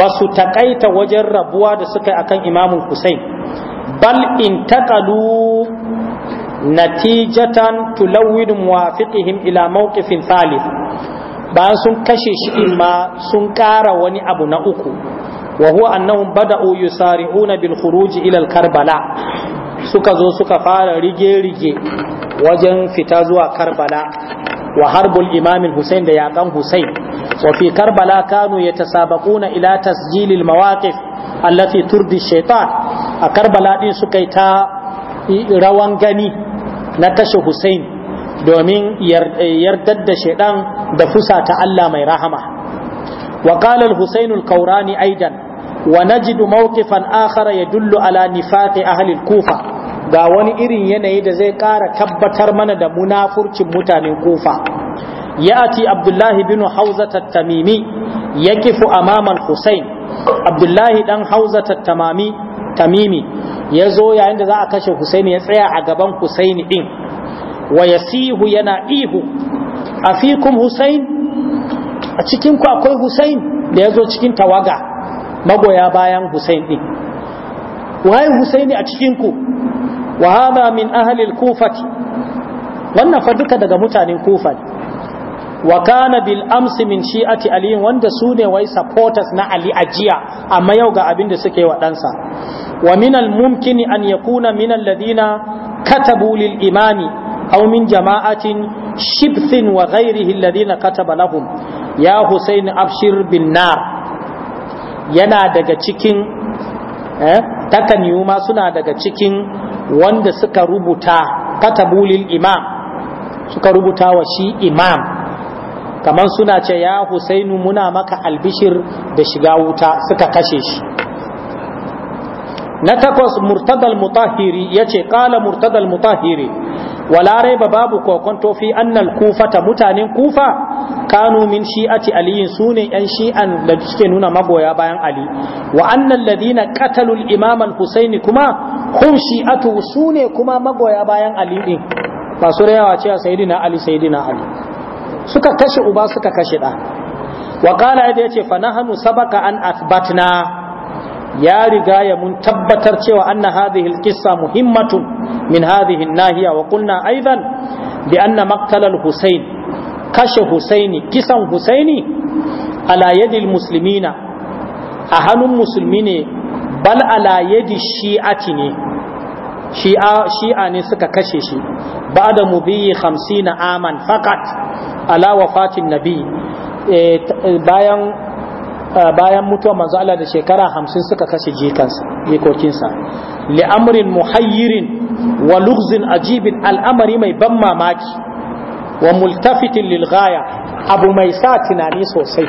ba su taƙaita wajen rabuwa da suka yi akan imamun Hussein bal in taƙalu natijatan tulawwin muwafiqihim ila mawqifin thalith bayan sun kashe shi ma sun ƙara wani abu na uku wa huwa annahum bada'u yusari'una bil khuruj ila al karbala suka zo suka fara rige rige wajen fita zuwa karbala wa harbul imam Hussein da yaƙan Hussein wa fi Karbala kanu yatasabaquna ila tasjilil mawaƙif, allafi turdi shaitan a Karbala din suka ta rawan gani na kashe Hussain. domin yardar da shaitan da fusa ta Allah mai rahama wa qala al-Husayn al-Kaurani aidan wa najidu mawqifan akhara yadullu ala nifaqi ahli al-Kufa ga wani irin yanayi da zai ƙara tabbatar mana da munafurcin mutanen kufa ati abdullahi bin hauza tattamimi yakifu amaman husain abdullahi dan hauza tattamami tamimi ya zo yayin da za a kashe husaini ya tsaya a gaban husaini din wa yasihu yana ihu afikum husain a cikin ku akwai husain da ya zo cikin tawaga magoya bayan husain din waye husaini a cikinku? wa hada min ahli al-kufati wannan fa duka daga mutanen kufa wa kana bil amsi min shi'ati ali wanda su ne wai supporters na ali ajiya amma yau ga abin da suke wa ɗansa wa min al-mumkini an yakuna min alladhina katabu lil imami aw min jama'atin shibthin wa ghairihi alladhina kataba lahum ya husayn abshir bin nar yana daga cikin eh takan suna daga cikin wanda suka rubuta katabulil imam suka rubuta wa shi imam kamar suna ce ya husainu muna maka albishir da shiga wuta suka kashe shi na takwas murtadal mutahiri ya ce kala murtadal mutahiri wala raiba babu kokonto fi annal kufata mutanen kufa kanu min shi'ati aliyin sune yan shi'an da suke nuna magoya bayan ali wa annal ladina qatalu al-imam al-husaini kuma hum shi'atu sune kuma magoya bayan ali din masu rayawa cewa sayyidina ali sayyidina ali suka kashe uba suka kashe da wa qala yace fa nahnu sabaka an athbatna ya riga ya mun tabbatar cewa anna hadhihi al-qissa muhimmatun min hadhihi nahiya wa qulna aidan bi anna maktalal al kashe husaini kisan husaini ala yadil a hannun musulmi ne bal ala yadi shi'ati ne shi'a ne suka kashe shi ba da mubiyi na aman fakat ala wafatin nabi e, e, bayan e, bayan mutuwa manzo Allah da shekara hamsin suka kashe jikansa li li'amrin muhayyirin wa lughzin ajibin al'amari mai ban mamaki wa multafitin lilgaya abu mai sa tunani sosai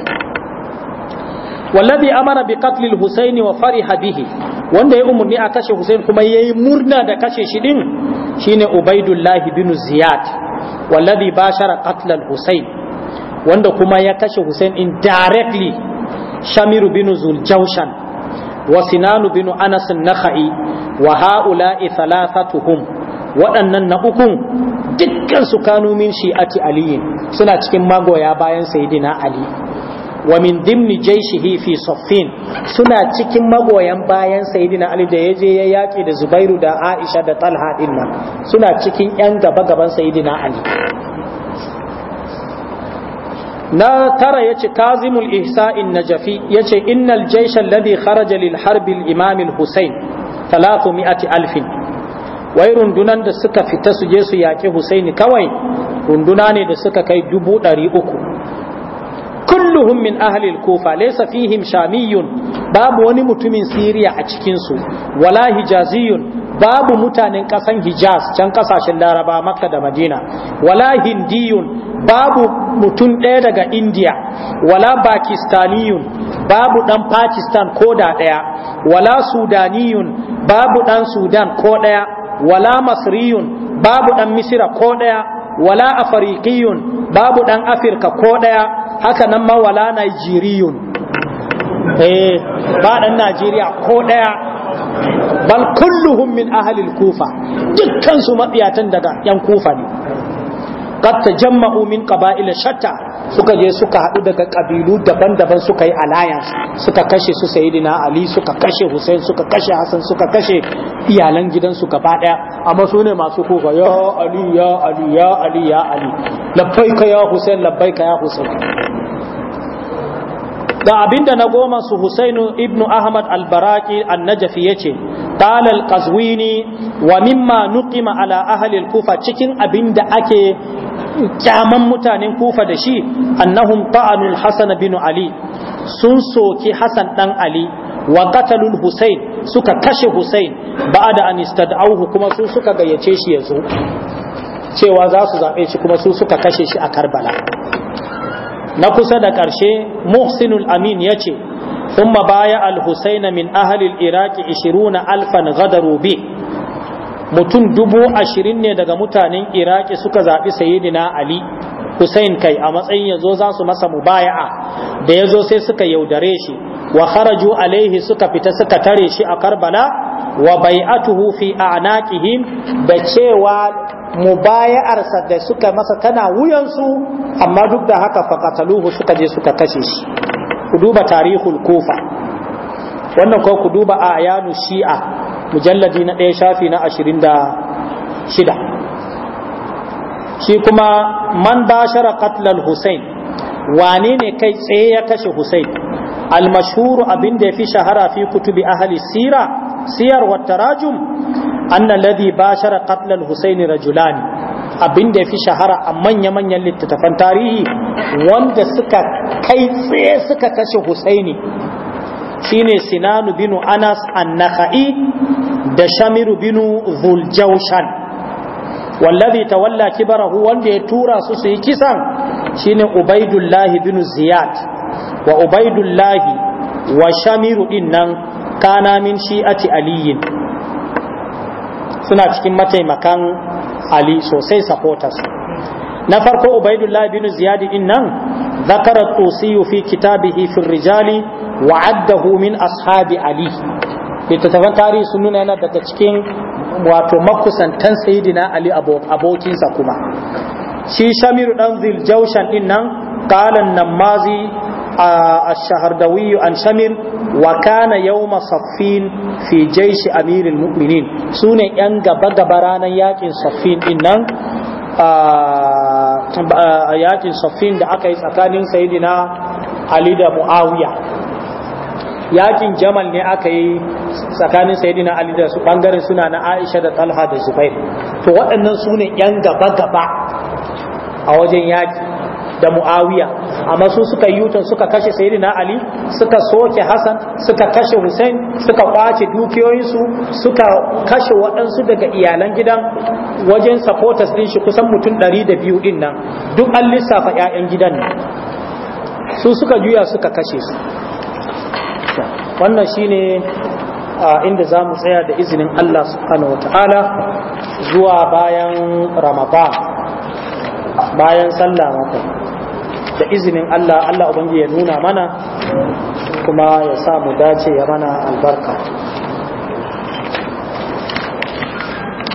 wallazi amara bi qatlil husaini wa fariha bihi wanda ya umurni a kashe husain kuma yayi murna da kashe shi din shine ubaidullahi bin ziyad wallazi bashara qatlal husain wanda kuma ya kashe husain in directly shamiru bin zuljaushan wa sinanu bin anas an-nakhai wa haula'i thalathatuhum waɗannan na ukun dukkan su kanu min shi'ati aliyin suna cikin magoya bayan sayyidina ali wa min dimni jaishihi fi saffin suna cikin magoyan bayan Saidina ali da yaje ya yaki da zubairu da aisha da talha din nan suna cikin yan gaba gaban Saidina ali na tara yace kazimul ihsa'in najafi yace innal jaysh alladhi kharaja lil harbi al imam al husayn 300 alfin wai rundunan da suka fita su je su yaƙi husaini kawai runduna ne da suka kai dubu ɗari uku kulluhum min ahlil kufa laysa fihim shamiyun babu wani mutumin siriya a cikinsu wala hijaziyun babu mutanen ƙasan hijaz can ƙasashen laraba makka da madina wala hindiyun babu mutum ɗaya daga indiya wala pakistaniyun babu ɗan pakistan ko da ɗaya wala sudaniyun babu ɗan sudan ko ɗaya wala masriyun babu dan misira ko daya wala afriqiyun babu dan afirka ko daya haka nan ma wala nigeriyun eh ba dan najeriya ko daya bal kulluhum min ahli al-kufa dukkan su mabiyatan daga yan kufa ne qad tajamma'u min qaba'il shatta suka je suka haɗu daga ƙabilu daban-daban suka yi alliance suka kashe su Sayyidina ali suka kashe hussein suka kashe hassan suka kashe iyalan gidansu gaba ɗaya amma su ne masu kuka ya ali ya ali ya ali ya ali ka ya hussein ka ya hussein ga abinda na goma su husainu ibnu ahmad albaraki annajafi ya ce talal kazwini wa mimma nuqima ala ahli kufa cikin abinda ake kyaman mutanen kufa da shi annahum ta'anul hasan bin ali sun soki hasan dan ali wa qatalul husayn suka kashe husayn ba'da an istad'auhu kuma sun suka gayyace shi yazo cewa za su zabe shi kuma sun suka kashe shi a karbala na kusa da ƙarshe muhsinul amin yace ce ثم بايع الحسين من أهل العراق عشرون ألفا غدروا به mutum dubu ashirin ne daga mutanen iraki suka zaɓi sayidina ali Hussein kai a matsayin yazo za su masa mubaya'a da yazo sai suka yaudare shi wa kharaju alaihi suka fita suka tare shi a Karbala wa bai'atuhu fi a'naqihim da cewa mubaya'arsa da suka masa tana wuyansu amma duk da haka faqataluhu suka je suka kashe shi ku duba tarihul kufa wannan ko ku duba ayanu shi'a mujalladi na ɗaya shafi na ashirin da shida shi kuma man bashara qatlal Hussein wane ne kai tsaye ya kashe Hussein al-mashhur abin da yafi shahara fi kutubi ahli sira siyar wa tarajum anna alladhi bashara qatlal Hussein rajulan abin da yafi shahara a manya-manyan littattafan tarihi wanda suka kai tsaye suka kashe Husaini shine sinanu binu anas annaka'i da shamiru binu zuljaushan wallazi tawalla kibarahu wanda ya tura su su yi kisan shine ubaidullahi binu ziyad wa ubaidullahi wa shamiru dinnan kana min shi'ati aliyin suna cikin mataimakan ali sosai supporters na farko ubaidullahi binu ziyad din nan ذكر الطوسي في كتابه في الرجال وعده من أصحاب علي littattafan tarihi sun nuna yana daga cikin wato makusantan saidina ali abokinsa kuma shi shamiru dan ziljaushan din nan qalan namazi ash-shahardawi an shamir wa kana yawma saffin fi jaysh amiril mu'minin sune yan gaba gaba ranan yakin saffin din nan yakin safin da aka yi tsakanin sayidina ali da muawiya yakin jamal ne aka yi tsakanin sayidina ali da su bangaren suna na aisha da talha da zubair to waɗannan su yan gaba-gaba a wajen yaki da muawiya amma su suka yi yutun suka kashe sayyidina ali suka soke Hassan, suka kashe hussein suka kwace dukiyoyinsu suka kashe waɗansu daga iyalan gidan wajen supporters din shi kusan mutum ɗari da biyu din nan duk an lissafa 'ya'yan gidan nan su suka juya suka kashe su wannan shine inda za mu tsaya da izinin Allah subhanahu wata'ala zuwa bayan ramadan bayan sallah mako da izinin Allah Allah ubangi ya nuna mana kuma ya sa mu dace ya mana albarka